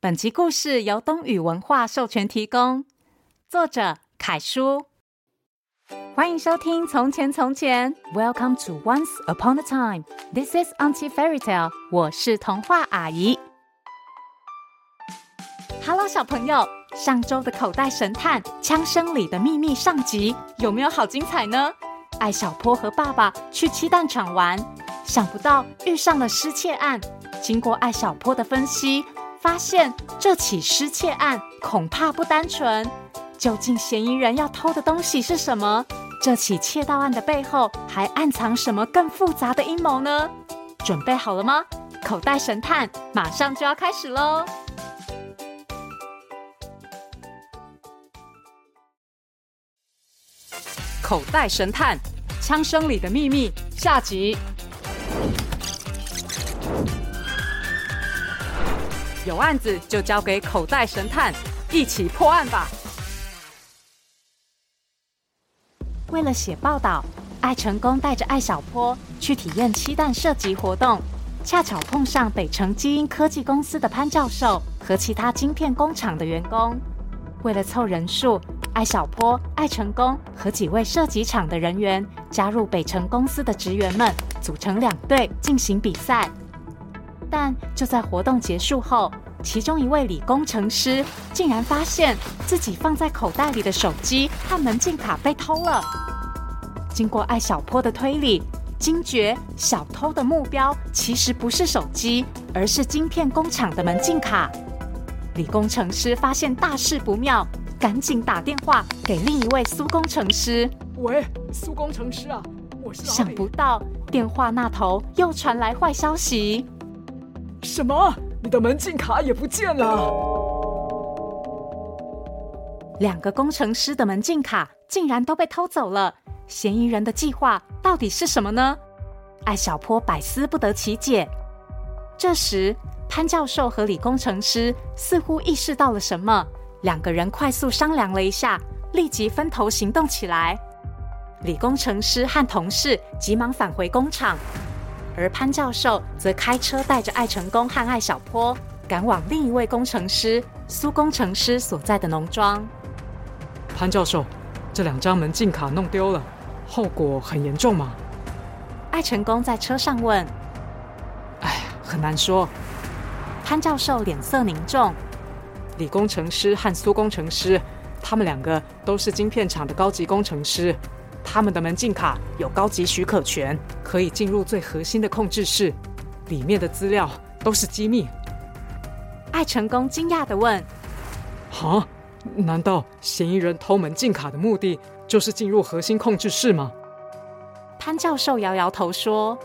本集故事由東雨文化授權提供，作者凱叔。歡迎收聽《從前從前》，Welcome to Once Upon a Time。This is Auntie Fairy Tale。我是童話阿姨。Hello，小朋友，上周的口袋神探《槍聲裡的祕密》上集有沒有好精彩呢？艾小坡和爸爸去漆彈場玩，想不到遇上了失竊案。經過艾小坡的分析。發現這起失竊案恐怕不單純，究竟嫌疑人要偷的東西是什麼？這起竊盜案的背後還暗藏什麼更複雜的陰謀呢？準備好了嗎？口袋神探馬上就要開始嘍！口袋神探，槍聲裡的祕密，下集。有案子就交給口袋神探，一起破案吧。為了寫報道，艾成功帶着艾小坡去體驗漆彈射擊活動，恰巧碰上北城基因科技公司的潘教授和其他晶片工廠的員工。為了湊人數，艾小坡、艾成功和幾位射擊場的人員加入北城公司的職員們，組成兩隊進行比賽。但就在活動結束後，其中一位李工程師竟然發現自己放在口袋裡的手機和門禁卡被偷了。經過艾小坡的推理，驚覺小偷的目標其實不是手機，而是晶片工廠的門禁卡。李工程師發現大事不妙，趕緊打電話給另一位蘇工程師。喂，蘇工程師啊，我是老李。想不到電話那頭又傳來壞消息。什麼？你的門禁卡也不見了！兩個工程師的門禁卡竟然都被偷走了，嫌疑人的計劃到底是什麼呢？艾小坡百思不得其解。這時，潘教授和李工程師似乎意識到了什麼，兩個人快速商量了一下，立即分頭行動起來。李工程師和同事急忙返回工廠。而潘教授則開車帶着艾成功和艾小坡趕往另一位工程師蘇工程師所在的農莊。潘教授，這兩張門禁卡弄丟了，後果很嚴重嗎？艾成功在車上問。唉，很難說。潘教授臉色凝重。李工程師和蘇工程師，他們兩個都是晶片廠的高級工程師。他們的門禁卡有高級許可權，可以進入最核心的控制室，裡面的資料都是機密。艾成功驚訝地問：“哈，難道嫌疑人偷門禁卡的目的就是進入核心控制室嗎？”潘教授搖搖頭說：“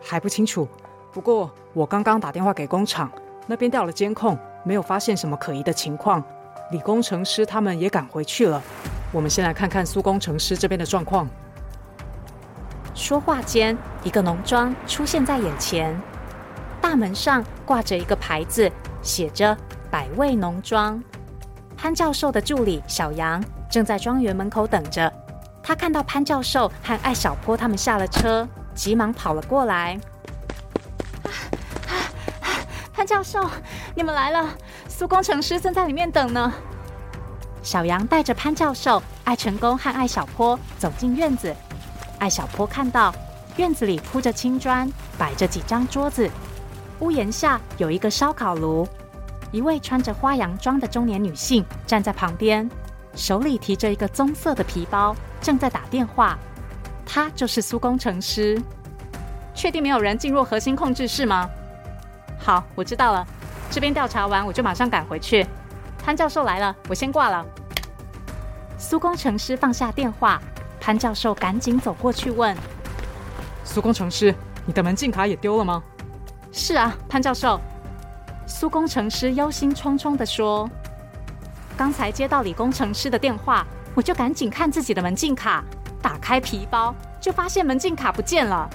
還不清楚，不過我剛剛打電話給工廠，那邊調了監控，沒有發現什麼可疑的情況。李工程師他們也趕回去了。”我們先來看看蘇工程師這邊的狀況。說話間，一個農莊出現在眼前，大門上掛着一個牌子，寫着“百味農莊”。潘教授的助理小楊正在莊園門口等着，他看到潘教授和艾小坡他們下了車，急忙跑了過來，啊啊啊：“潘教授，你們來了！蘇工程師正在裡面等呢。”小楊帶着潘教授、艾成功和艾小坡走進院子。艾小坡看到院子裡鋪着青磚，擺着幾張桌子，屋檐下有一個燒烤爐。一位穿着花洋裝的中年女性站在旁邊，手裡提着一個棕色的皮包，正在打電話。她就是蘇工程師。確定沒有人進入核心控制室嗎？好，我知道了。這邊調查完，我就馬上趕回去。潘教授來了，我先掛了。蘇工程師放下電話，潘教授趕緊走過去問：“蘇工程師，你的門禁卡也丟了嗎？”“是啊，潘教授。”蘇工程師憂心忡忡地說：“剛才接到李工程師的電話，我就趕緊看自己的門禁卡，打開皮包就發現門禁卡不見了。”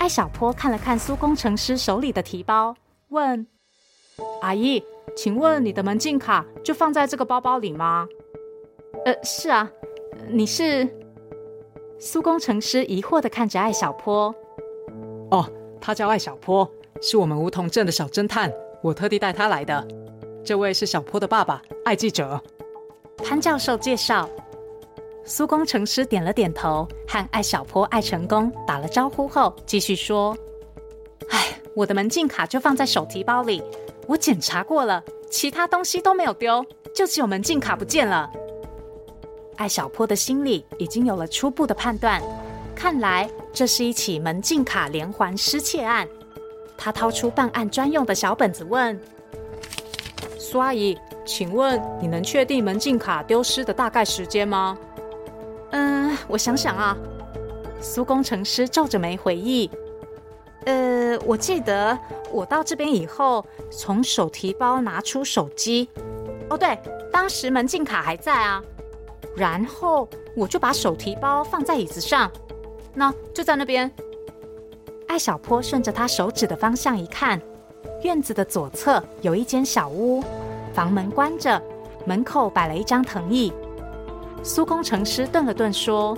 艾小坡看了看蘇工程師手裡的提包，問：“阿姨，請問你的門禁卡就放在這個包包裡嗎？”呃，是啊，呃，你是……蘇工程師疑惑地看着艾小坡。哦，他叫艾小坡，是我們梧桐鎮的小偵探。我特地帶他來的。這位是小坡的爸爸，艾記者。潘教授介紹。蘇工程師點了點頭，和艾小坡、艾成功打了招呼後，繼續說：“哎，我的門禁卡就放在手提包裡，我檢查過了，其他東西都沒有丟，就只有門禁卡不見了。”艾小坡的心裡已經有了初步的判斷，看來這是一起門禁卡連環失竊案。他掏出辦案專用的小本子問：“蘇阿姨，請問你能確定門禁卡丟失的大概時間嗎？”“嗯，我想想啊。”蘇工程師皺着眉回憶：“呃，我記得我到這邊以後，從手提包拿出手機。哦，對，當時門禁卡還在啊。”然後我就把手提包放在椅子上，那、no, 就在那邊。艾小坡順着他手指的方向一看，院子的左側有一間小屋，房門關着，門口擺了一張藤椅。蘇工程師頓了頓說：“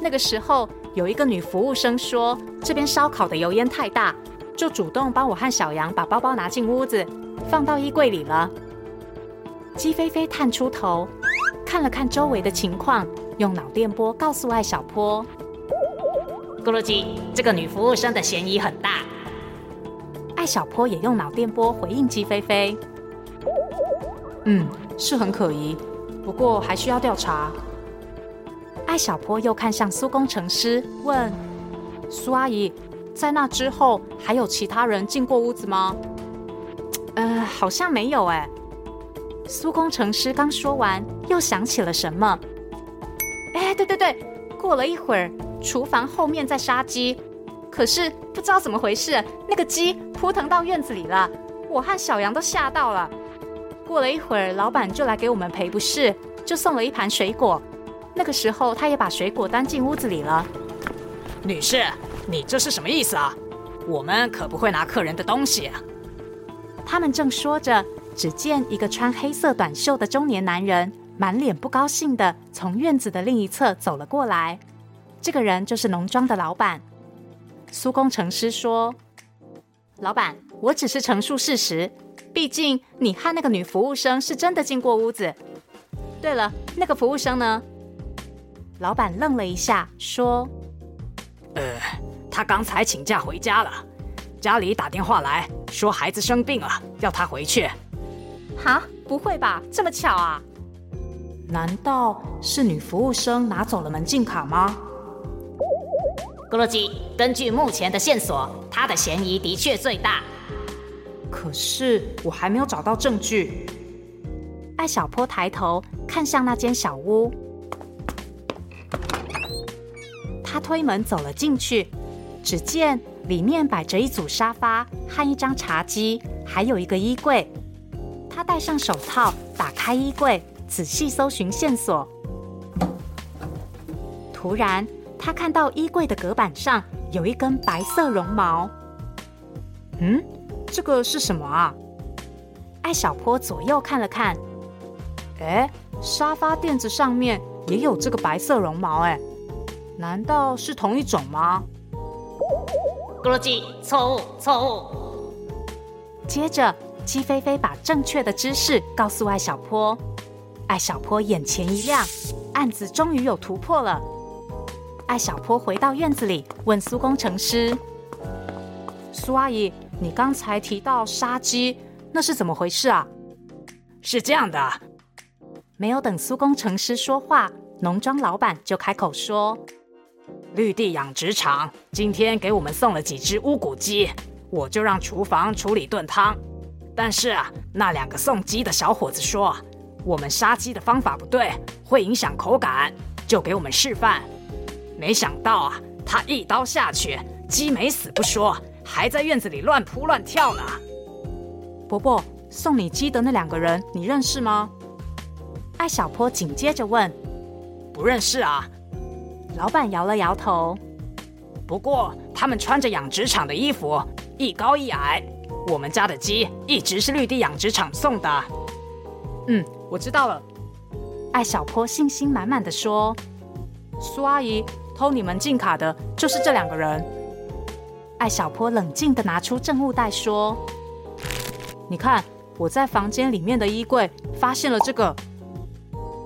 那個時候有一個女服務生說這邊燒烤的油煙太大，就主動幫我和小楊把包包拿進屋子，放到衣櫃裡了。”雞飛飛探出頭。看了看周圍的情況，用腦電波告訴艾小坡：“咕嚕雞，這個女服務生的嫌疑很大。”艾小坡也用腦電波回應雞飛飛：“嗯，是很可疑，不過還需要調查。”艾小坡又看向蘇工程師，問：“蘇阿姨，在那之後還有其他人進過屋子嗎？”“呃，好像沒有。”哎，蘇工程師剛說完。又想起了什麼，哎、欸，對對對！過了一會兒，廚房後面在殺雞，可是不知道怎麼回事，那個雞撲騰到院子裡了，我和小楊都嚇到了。過了一會兒，老板就來給我們賠不是，就送了一盤水果。那個時候，他也把水果端進屋子裡了。女士，你這是什麼意思啊？我們可不會拿客人的東西啊！他們正說着，只見一個穿黑色短袖的中年男人滿臉不高興的從院子的另一側走了過來，這個人就是農莊的老闆。蘇工程師說：“老闆，我只是陳述事實，畢竟你和那個女服務生是真的進過屋子。對了，那個服務生呢？”老闆愣了一下，說：“呃，他剛才請假回家了，家裡打電話來說孩子生病了，要他回去。啊”“哈，不會吧？這麼巧啊？”難道是女服務生拿走了門禁卡嗎？格洛基，根據目前的線索，她的嫌疑的確最大。可是我還沒有找到證據。艾小坡抬頭看向那間小屋，他推門走了進去，只見裡面擺着一組沙發和一張茶幾，還有一個衣櫃。他戴上手套，打開衣櫃。仔細搜尋線索，突然他看到衣櫃的隔板上有一根白色絨毛。嗯，這個是什麼啊？艾小坡左右看了看，哎，沙發墊子上面也有這個白色絨毛，哎，難道是同一種嗎？咕嚕雞，錯誤，錯誤。接着，雞飛飛把正確的知識告訴艾小坡。艾小坡眼前一亮，案子終於有突破了。艾小坡回到院子裡，問蘇工程師：“蘇阿姨，你剛才提到殺雞，那是怎麼回事啊？”是這樣的，沒有等蘇工程師說話，農莊老闆就開口說：“綠地養殖場今天給我們送了幾隻烏骨雞，我就讓廚房處理燉湯。但是啊，那兩個送雞的小夥子說。”我們殺雞的方法不對，會影響口感，就給我們示範。沒想到啊，他一刀下去，雞沒死不說，還在院子裡亂撲亂跳呢。伯伯，送你雞的那兩個人，你認識嗎？艾小坡緊接着問。不認識啊，老板搖了搖頭。不過他們穿着養殖場的衣服，一高一矮。我們家的雞一直是綠地養殖場送的。嗯，我知道了。艾小坡信心滿滿的說：“蘇阿姨，偷你們禁卡的就是這兩個人。”艾小坡冷靜的拿出證物袋說：“你看，我在房間裡面的衣櫃發現了這個。”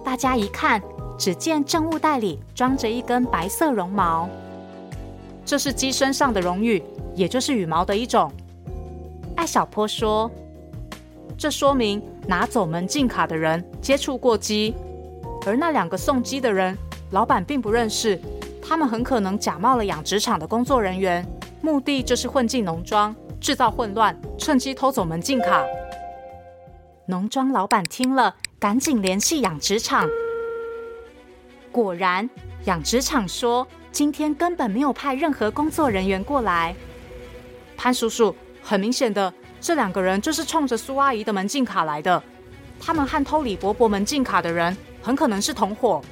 大家一看，只見證物袋裡裝着一根白色絨毛，這是雞身上的絨羽，也就是羽毛的一種。艾小坡說：“這說明……”拿走門禁卡的人接觸過雞，而那兩個送雞的人，老闆並不認識，他們很可能假冒了養殖場的工作人員，目的就是混進農莊，制造混亂，趁機偷走門禁卡。農莊老闆聽了，趕緊聯繫養殖場，果然，養殖場說今天根本沒有派任何工作人員過來。潘叔叔，很明顯的。這兩個人就是衝着蘇阿姨的門禁卡來的，他們和偷李伯伯門禁卡的人很可能是同夥。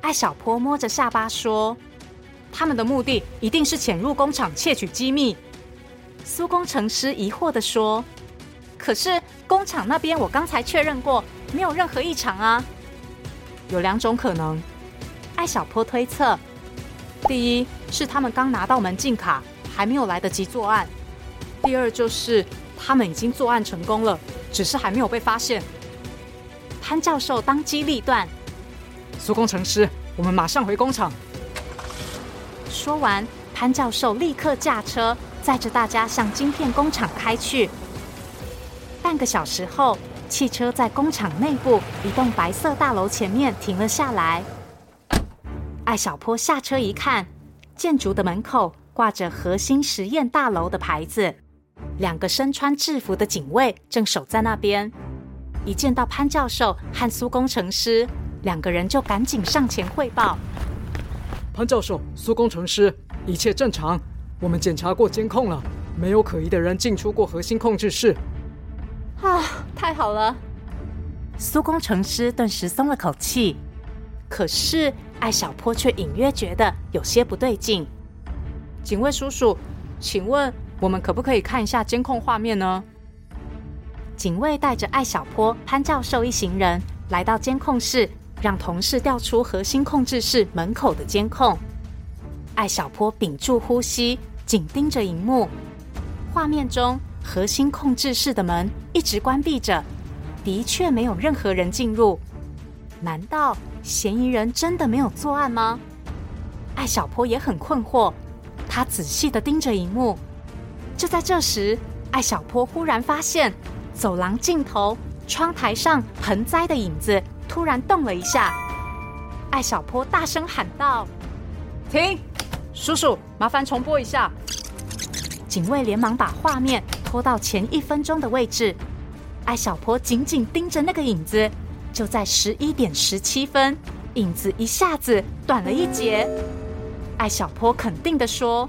艾小坡摸着下巴說：“他們的目的一定是潛入工廠竊取機密。”蘇工程師疑惑地說：“可是工廠那邊我剛才確認過，沒有任何異常啊。”有兩種可能，艾小坡推測，第一是他們剛拿到門禁卡，還沒有來得及作案。第二就是，他們已經作案成功了，只是還沒有被發現。潘教授當機立斷，蘇工程師，我們馬上回工廠。說完，潘教授立刻駕車載着大家向晶片工廠開去。半個小時後，汽車在工廠內部一棟白色大樓前面停了下來。艾小坡下車一看，建築的門口掛着“核心實驗大樓”的牌子。兩個身穿制服的警衛正守在那邊，一見到潘教授和蘇工程師，兩個人就趕緊上前匯報。潘教授、蘇工程師，一切正常，我們檢查過監控了，沒有可疑的人進出過核心控制室。啊，太好了！蘇工程師頓時鬆了口氣，可是艾小坡卻隱約覺得有些不對勁。警衛叔叔，請問？我們可不可以看一下監控畫面呢？警衛帶着艾小坡、潘教授一行人來到監控室，讓同事調出核心控制室門口的監控。艾小坡屏住呼吸，緊盯着熒幕。畫面中，核心控制室的門一直關閉着，的確沒有任何人進入。難道嫌疑人真的沒有作案嗎？艾小坡也很困惑，他仔細地盯着熒幕。就在這時，艾小坡忽然發現走廊盡頭窗台上盆栽的影子突然動了一下。艾小坡大聲喊道：“停！叔叔，麻煩重播一下。”警衛連忙把畫面拖到前一分鐘的位置。艾小坡緊緊盯着那個影子。就在十一點十七分，影子一下子短了一截。嗯、艾小坡肯定地說：“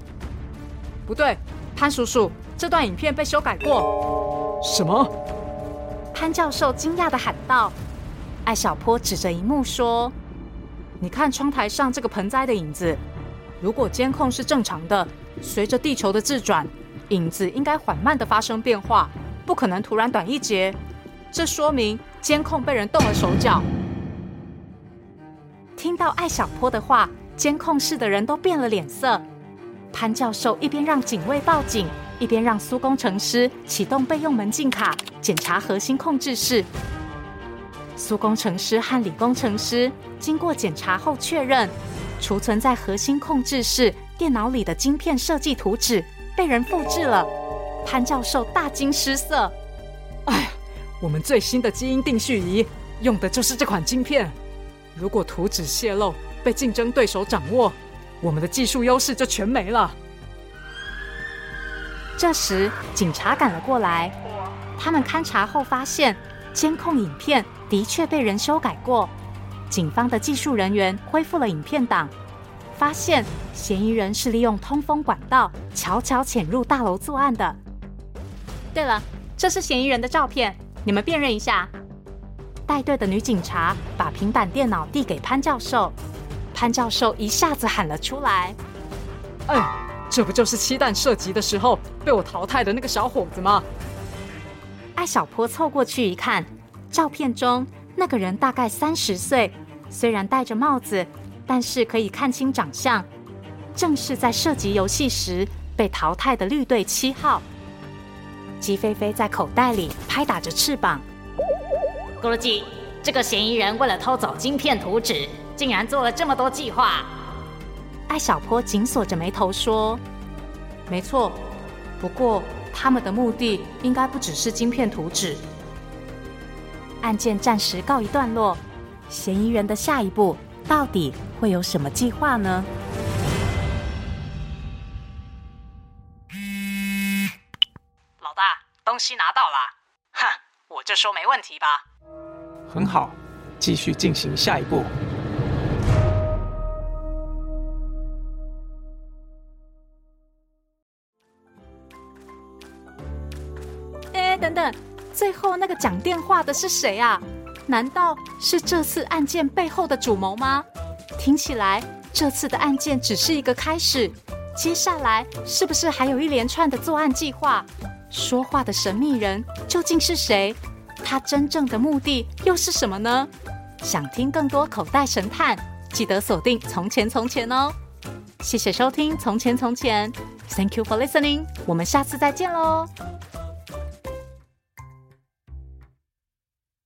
不對。”潘叔叔，這段影片被修改過。什麼？潘教授驚訝地喊道。艾小坡指着一幕說：“你看窗台上這個盆栽的影子，如果監控是正常的，隨着地球的自轉，影子應該緩慢地發生變化，不可能突然短一截。這說明監控被人動了手腳。”聽到艾小坡的話，監控室的人都變了臉色。潘教授一邊讓警衛報警，一邊讓蘇工程師啟動備用門禁卡檢查核心控制室。蘇工程師和李工程師經過檢查後確認，儲存在核心控制室電腦裡的晶片設計圖紙被人複製了。潘教授大驚失色：“唉，我們最新的基因定序儀用的就是這款晶片，如果圖紙泄露，被競爭對手掌握……”我們的技術優勢就全沒了。這時，警察趕了過來，他們勘查後發現，監控影片的確被人修改過。警方的技術人員恢復了影片檔，發現嫌疑人是利用通風管道悄悄潛入大樓作案的。對了，這是嫌疑人的照片，你們辨認一下。帶隊的女警察把平板電腦遞給潘教授。潘教授一下子喊了出來：“哎，這不就是漆彈射擊的時候被我淘汰的那個小夥子嗎？”艾小坡湊過去一看，照片中那個人大概三十歲，雖然戴着帽子，但是可以看清長相，正是在射擊遊戲時被淘汰的綠隊七號。雞飛飛在口袋裡拍打着翅膀：“咕嚕雞，這個嫌疑人為了偷走晶片圖紙。”竟然做了這麼多計劃。艾小坡緊鎖着眉頭說：“沒錯，不過他們的目的應該不只是晶片圖紙。案件暫時告一段落，嫌疑人的下一步到底會有什麼計劃呢？”老大，東西拿到了，哼，我就說沒問題吧。很好，繼續進行下一步。等等，最後那個講電話的是誰啊？難道是這次案件背後的主謀嗎？聽起來這次的案件只是一個開始，接下來是不是還有一連串的作案計劃？說話的神秘人究竟是誰？他真正的目的又是什麼呢？想聽更多口袋神探，記得鎖定《從前從前》哦。謝謝收聽《從前從前》，Thank you for listening。我們下次再見嘍。